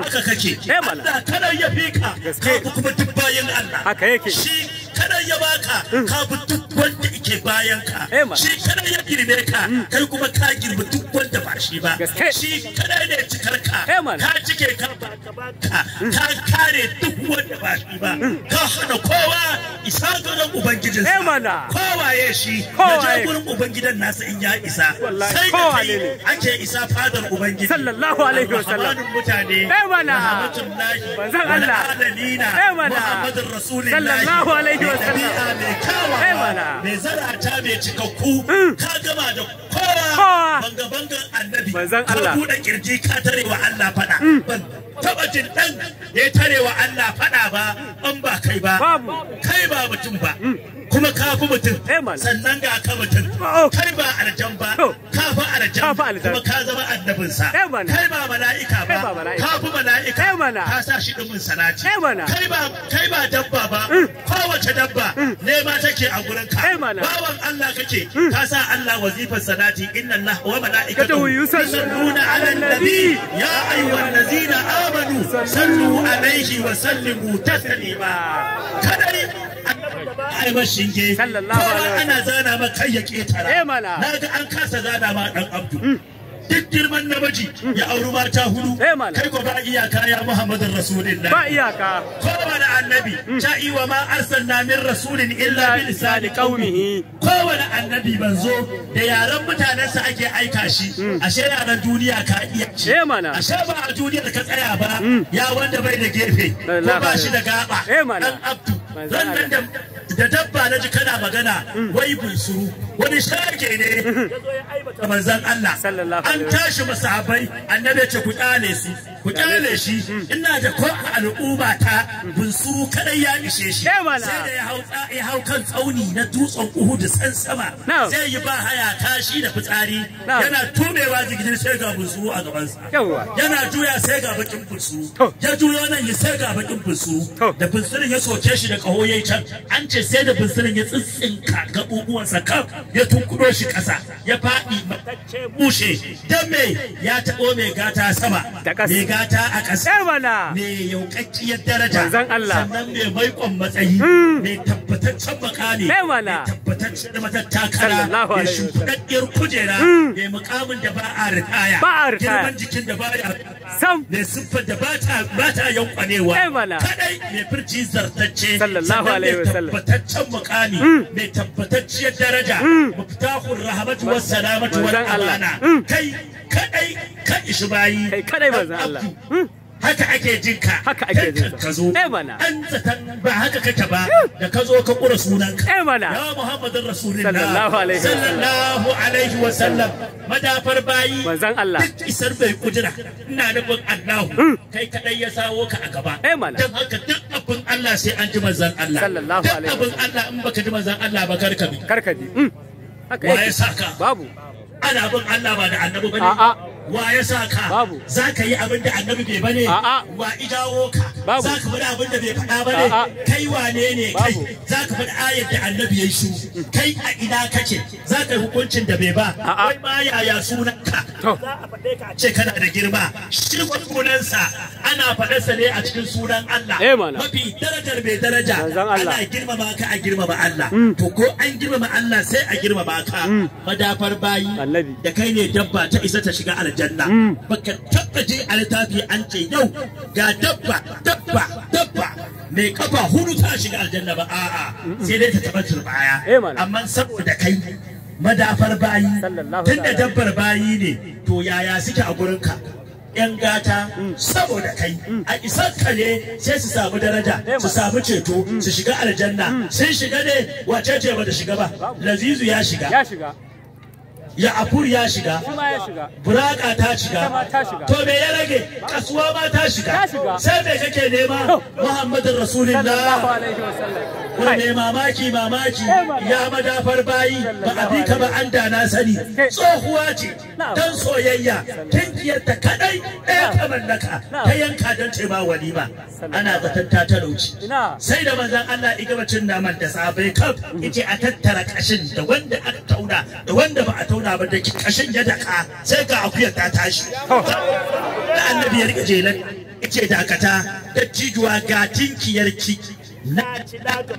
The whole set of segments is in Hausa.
haka kake eh, Allah kana ya ka kuma duk bayan Allah haka yake shi kadai ya baka mm. ka bi duk wanda yake bayan ka eh, shi kadai ya girme ka mm. kai kuma ka girbi duk wanda ba shi ba shi kadai ne cikar ka eh, ka cike ka ba ka ba ka mm. ka kare duk wanda ba shi ba ka hana kowa isa gurin ubangijin sa eh, kowa ya shi ya je gurin ubangidan nasa in ya isa sai da kai ake isa fadar ubangiji sallallahu alaihi wasallam mutane rahmatullahi manzon Allah alalina muhammadur rasulillahi sallallahu alaihi ɗabi'a mai kawawa mai zarata mai cikakku hmm. ka gama da kowa banga-bangan annabi ka buɗe ƙirji ka tare wa Allah faɗa hmm. ban taɓa jin ɗan ya tare wa Allah faɗa ba an ba kai ba kai ba mutum ba hmm. kuma ka fi mutum eh, sannan ga ka mutum oh. kar ba aljan ba ka fi aljan kuma ka zama annabinsa eh, kar ba mala'ika ba eh, ka fi mala'ika ka sa shi dumin salati kai ba dabba ba mm. kowace dabba mm. Ne nema take a gurin ka bawan Allah kake mm. ka sa Allah wazifar salati inna Allah wa mala'ikatu yusalluna ala nabi ya ayyuhal ladina amanu sallu alaihi wa sallimu taslima kadari albashin ke sallallahu alaihi ana zana ma kai ya ketara eh, na ga an kasa zana ma dan abdu mm. duk girman namiji mm. ya auri mata hudu eh, kai ko ba iyaka ya muhammadin rasulillah ba iyaka kowane annabi mm. ta iwa ma arsalna min rasulin illa bi lisani qaumihi kowane annabi banzo da yaran mutanensa ake aika shi ashe ranar duniya ka iya ce eh, ashe ba a duniyar ka tsaya ba ya wanda bai da gefe ko ba shi da gaba dan abdu ran nan da dabba na ji kana magana mm. wai bunsuru wani shage ne ya zo ya aibata manzon Allah an tashi masahabai annabi ya ce ku su ku kyale shi ina da ko al'umma ta bunsuru kadai ya ishe shi eh, sai da ya hau kan tsauni na dutsen uhudu san sama zai yi ba haya tashi da fitsari yana tumewa jigijin sai ga bunsuru a gaban sa, yana juya sai ga bakin bunsuru ya juyo nan ya sai ga bakin bunsuru da bunsurun ya soke shi da kaho yayi can an ce sai da bunsurun ya tsitsinka sa kan ya tunkudo shi kasa ya faɗi matacce bushe dan me ya taɓo mai gata sama gata a ƙasa me yaukakkiyar daraja sannan me baikon matsayi hmm. me tabbataccen makami me tabbataccen me kujera hmm. me mukamin da ba a ritaya girman jikin da ba a sam me siffar da ba ta yankwanewa kadai me firji zartacce me tabbataccen makami hmm. me daraja muftahur rahmatu wassalamatu wal amana kai kadai kan ishi bayi kai kadai manzon Allah hmm? haka ake jin ka haka ake jin ka zo eh mana an zatan ba haka kake ba da ka zo ka kura sunan ka eh mana ya muhammadin rasulullah sallallahu alaihi wa sallallahu alaihi wa sallam madafar bayi manzon Allah duk isar bai kudura ina nufin Allah hmm. kai kadai ya sawo ka a gaba eh mana dan haka duk abin Allah sai an ji manzon Allah sallallahu alaihi wa sallam abin Allah in baka ji manzon Allah ba karkabi karkabi hmm. haka yake wa ya babu ana bin Allah ba da annabi bane a'a wa ya sa ka za ka yi abin da annabi bai bane wa ijawo ka za ka faɗi abin da bai faɗa bane kai wane ne kai za ka faɗi ayar da annabi ya shi kai a ina kake za ka yi hukuncin da bai ba wai ma yaya sunan ka za a faɗe ka ce kana da girma shi sunansa ana faɗa sa ne a cikin sunan Allah eh, mafi darajar mai daraja ana girmama ka a girmama Allah mm. to ko an girmama Allah sai a girmama ka mm. madafar bayi da kai ne dabba ta isa ta shiga aljanna aljanna mm. baka taba je a littafi an ce yau ga dabba dabba dabba mai kafa hudu ta shiga aljanna ba a'a sai dai ta taba turbaya eh, amma saboda kai madafar bayi tunda dabbar bayi ne to yaya suke a gurin ka. yan gata mm. saboda kai mm. a isar ka ne sai su samu daraja eh, su samu ceto su shiga aljanna sun shiga ne wace ce bata shiga ba lazizu ya shiga ya afur ya shiga buraka ta shiga to me ya rage kasuwa ma ta shiga sai me kake nema muhammadin rasulullah wanne mamaki eh, mamaki ya madafar bayi ba a bi ka ba an da na sani tsohuwa ce don soyayya kinkiyar ta kadai ɗaya ta naka ta yanka don ce ba wani ba ana zaton ta talauci sai da mazan Allah igabacin naman da sabai kan mm. yace a tattara kashin da wanda aka tauna da wanda ba a tauna ba da kashin ya daka sai ga akuyar ta tashi oh. da annabi ya rike jelan dakata da ga tinkiyar ki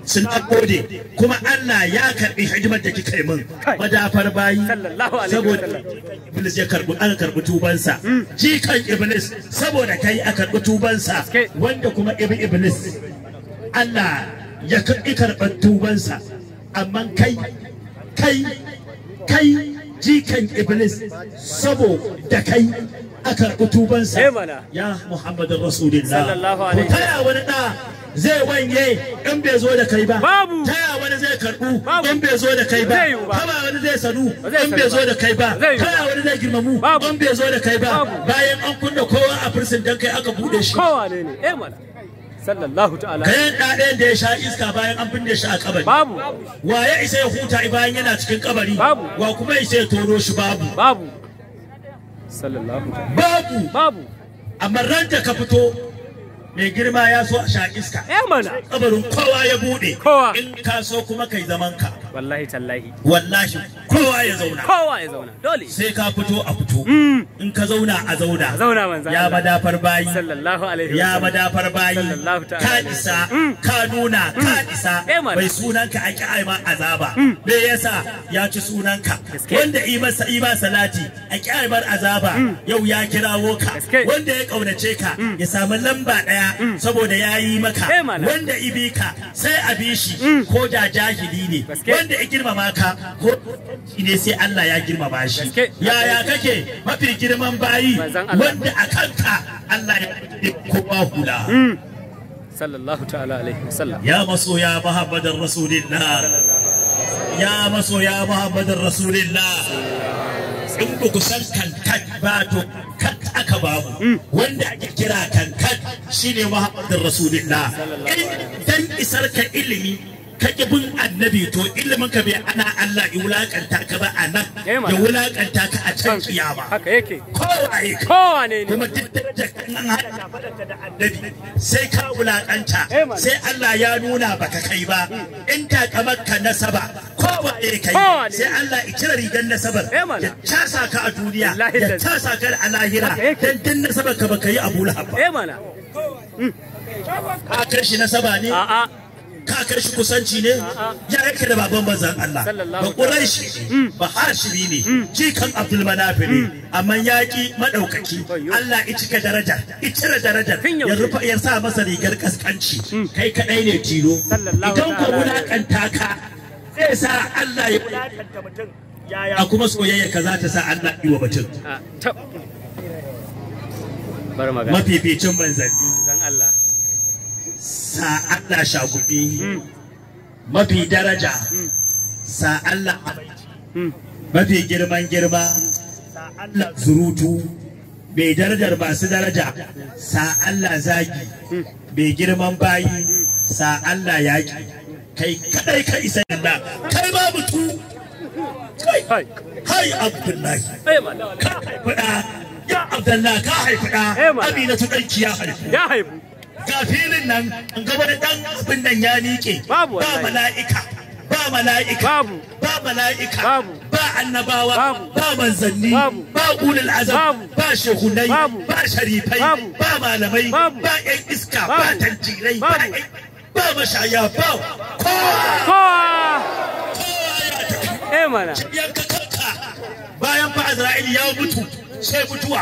sun gode kuma Allah ya karbi hidimar da kika yi min madafar bayi saboda iblis ya karbi aka karbi tubansa mm. jikan iblis saboda kai a karbi tubansa wanda kuma ibi iblis Allah ya karbi tubansa amma kai kai kai jikan iblis sabo da kai aka sa eh, ya muhammadin rasulillah ko taya wani da zai wanye in bai zo da kai ba taya wani zai karbu in bai zo da kai ba kama wani zai sanu in bai zo da kai ba taya wani zai girmamu in bai zo da kai ba bayan an kunna kowa a firsin dan kai aka bude shi eh, sallallahu ta'ala kayan ɗaɗe da ya sha iska bayan an binne shi a kabari babu wa ya isa ya huta bayan yana cikin kabari babu wa kuma isa ya toro shi babu babu sallallahu ta'ala babu babu amma ran da ka fito mai girma ya so a sha iska eh mana kabarin kowa ya bude kowa in ka so kuma kai zaman ka wallahi tallahi wallahi kowa ya zauna kowa ya zauna dole sai ka fito a fito mm. in ka zauna a zauna zauna manzo ya madafar bayi sallallahu alaihi ya madafar bayi ka isa mm. ka nuna ka mm. isa bai eh, sunanka a ki'ai ma azaba me yasa ya ci sunanka wanda yi masa yi ba salati a ki'ai mar azaba yau ya kirawo ka wanda ya kaunace ka ya samu lamba daya saboda ya yi maka eh, wanda ibi ka sai a bi shi ko da jahili ne wanda ya girmama ka ko ne sai Allah ya girmama shi yaya kake mafi girman bayi wanda a kanka Allah ya kowa hula hmm. sallallahu ta'ala alaihi wasallam ya maso ya rasulillah ya maso ya rasulillah in ba ku san ba to aka hmm. wanda ake kira kankat shine muhammadin rasulillah dan isar ka ilimi ka bin annabi to ilimin ka bai ana Allah ya wulakanta ka ba a nan ya wulaƙanta ka a can kiyama haka yake kowaye kowane ne kuma duk da kan hada da annabi sai ka wulaƙanta, sai Allah ya nuna baka kai ba in ta kamar ka nasaba kowaye kai sai Allah ya cire rigar nasabar ya tasa ka a duniya ya tasa ka a lahira dan din nasabar ka baka yi Abu Lahab ba eh mana a karshe nasaba ne a'a ka shi kusanci ne ya yake da baban bazan Allah ba Quraishi mm. ba Hashimi ne mm. jikan Abdul Manaf ne mm. amma yaki madaukaki Allah ya cika daraja ya cire daraja ya rufa ya sa masa rigar kaskanci kai kadai ne tiro idan ka wulakanta ka zai sa Allah ya wulakanta mutum a kuma soyayya ka za ta sa Allah yi wa mutum mafificin manzanni sa Allah shagubi mafi daraja sa Allah hmm. mafi girman girma sa Allah zurutu mai darajar masu daraja sa Allah zagi hmm. mai girman bayi hmm. sa Allah yaki kai kadai ka isa Allah kai ba mutu kai hai abdullahi ka haifi ya abdullahi ka haifi da amina ta danki ya haifu ga filin nan ga wani dan abin nan ya nike ba mala'ika ba mala'ika ba mala'ika ba annabawa ba manzanni ba ulul azam ba shehunai ba sharifai ba malamai ba yan iska ba tantirai ba ba mashaya ba kowa eh mana bayan ba Azra'il ya mutu sai mutuwa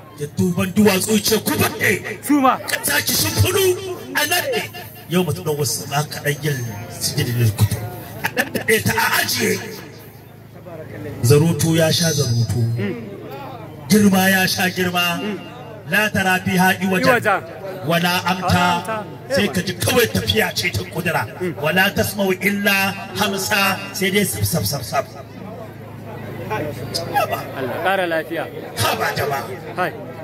da duban duwatsu ce ku baɗe su ma ka tashi sun fudu a naɗe yau mutum da wasu ba kaɗan yin sujidi da kutu a ɗan daɗe ta a ajiye zarutu ya sha zarutu girma ya sha girma la tara fi haɗi wajen wala amta sai ka ji kawai tafiya ce ta kudura wala tasmau illa hamsa sai dai sab sab sab Allah kara lafiya ha ba jama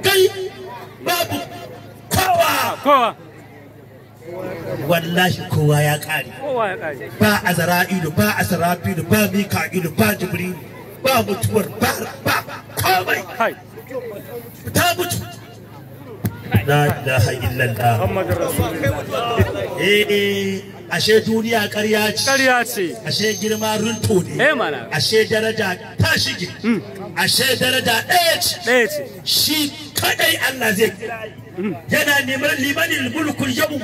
kai babu kowa ah, kowa wallahi kowa ya kare ba a zara'ilu ba a ba mika'ilu ba jibrilu ba mutuwar ba ba komai ta mutu la ilaha illallah eh ashe duniya ƙarya ce ƙarya ce ashe girma runto ne eh mana ashe daraja ta shige mm. ashe daraja ɗaya ce ɗaya ce shi kadai Allah zai mm. yana neman limanin mulkul yau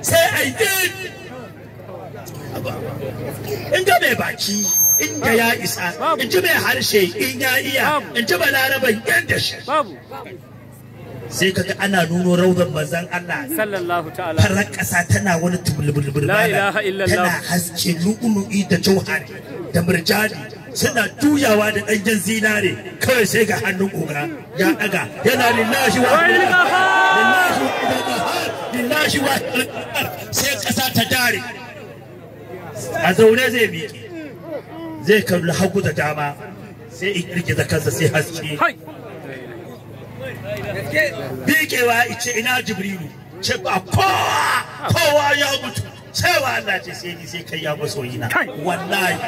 sai ai in ga mai baki in ga ya isa in ji mai harshe in ya iya in ji balaraban da shi sai kaga ana nuno raudan manzon Allah sallallahu ta'ala farar ƙasa tana wani illallah tana haske lu'ulu'i da jawhari da murjani suna juyawa da ɗanyen zinare kawai sai ga hannun koga ya ɗaga yana lillahi wa lillahi wa sai ƙasa ta dare a zaune zai bi zai kalli hagu da dama sai in kirkiza kansa sai haske bikewa ice ina jibrilu ce ba kowa kowa ya mutu sai wa Allah ce sai ni sai kai ya masoyi na wallahi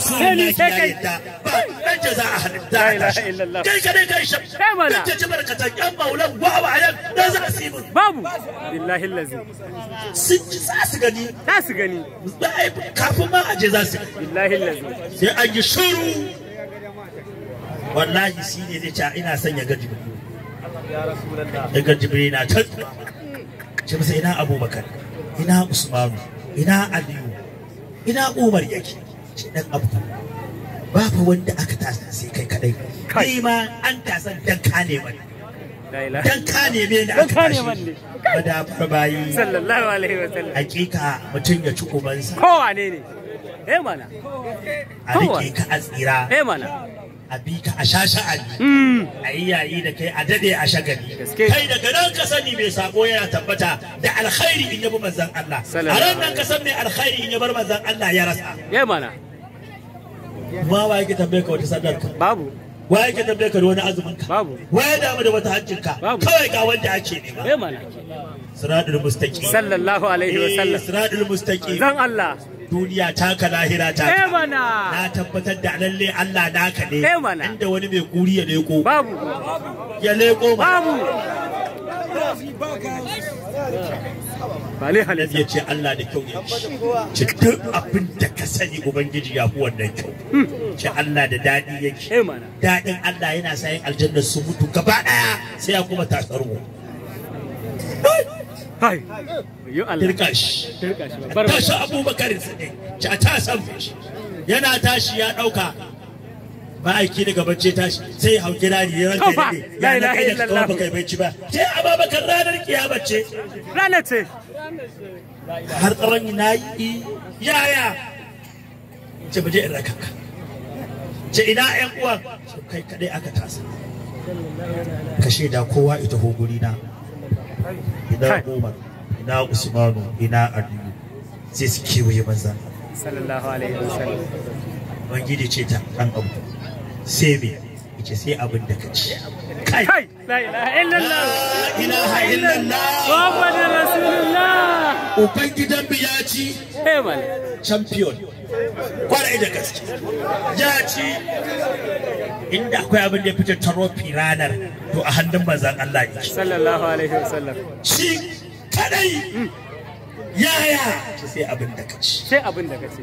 sai ni sai kai ba dan jaza a halitta illallah kai kai kai shi kai mana ta ci barkatan yan maulan gwaba da dan za su yi mun babu billahi lazi sun ci za su gani za su gani kafin ma aje za su billahi lazi sai an yi shiru wallahi shi ne zai ce ina son ya ga daga jibril na can ce masa ina abubakar ina usman ina aliyu ina umar yake shi dan abu babu wanda aka tasa sai kai kadai kai ma an tasa dan kane ba dan kane me da aka tashi bada bayi sallallahu alaihi wa sallam hakika mutun ya ci ubansa kowa ne ne eh mana a rike ka a eh mana a bi ka a sha sha'ani hmm. a yi yayi da kai a dade a shagali kai daga nan ka sani mai sako yana tabbata da alkhairi in yabi manzon Allah a ran nan ka san mai alkhairi in yabar manzon Allah ya rasa ya mana ma wa yake tambaye ka wata sadar ka babu wa yake tambaye ka da wani azumin ka babu wa ya damu da wata hajjin ka kawai ga wanda ake nema ya mana siratul mustaqim sallallahu alaihi wa sallam eh, siratul mustaqim zan Allah duniya taka lahira ta eh na tabbatar da lalle Allah naka ne eh inda wani mai kuri ya leko babu ya leko babu Bale halin ya ce Allah da kyau ya ci duk abin da ka sani Ubangiji ya fi wannan kyau. ki hmm. Allah da daɗi yake. Eh Daɗin Allah yana sayin aljanna su mutu gaba ɗaya sai ya kuma tasarwa. kai yo Allah dirka shi dirka shi bar tashi Abubakar Siddiq ta ta san shi yana tashi ya dauka ba aiki daga bacci tashi sai hau gida ne ran kai ne la ilaha illallah ba kai bacci ba sai Abubakar ranar kiyama ce ranar ce har tsaron nayi yaya ce baje in rakaka ce ina ƴan uwan kai kadai aka tasa ka shaida kowa ita hoguri na ina Umar ina Usmanu ina Aliyu sai su kewaye manzan sallallahu alaihi wasallam ubangiji ce ta kan abu sai me yace sai abin da ka ci kai la ilaha illallah la ilaha illallah muhammadur rasulullah uban gidan ya ci eh, champion kwarai da gaske ya ci inda akwai abin da ya fita tarofi ranar to a hannun manzan Allah ne sallallahu alaihi wasallam shi kadai yaya sai abin da kace sai abin da kace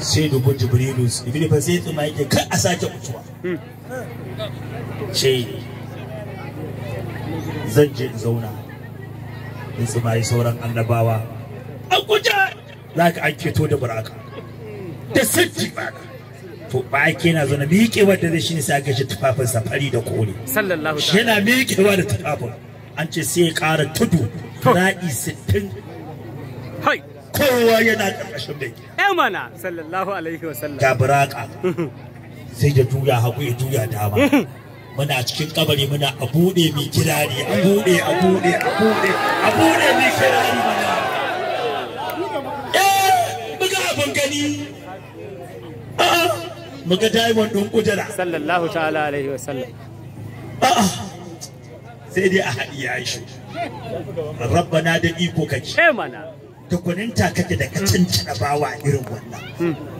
sai dubu jibrilu ibnu fa sai tsuma yake kar a sake kutuwa hmm. sai zan je in zauna in su mai sauran annabawa An guja za ka an keto da buraka da ba ka to ba ake na zo na miƙewa zai shi ne sai shi tufafin safari da kore shi yana miƙewa da tufafin an ce sai ya ƙara tudu na'i sittin kowa yana ƙarƙashin mai gida eh, mana sallallahu alaihi wasallam da buraka sai ya juya hagu ya juya dama muna cikin kabari muna a buɗe mi kirari a buɗe a buɗe a buɗe a buɗe mi kirari mana eh muga abin gani a'a ah, muga diamond din kudura. sallallahu ta'ala alaihi wa sallam a'a ah, sai dai a haɗi ya shi rabbana da iko kake eh mana tukuninta kake da kacin bawa irin wannan hmm.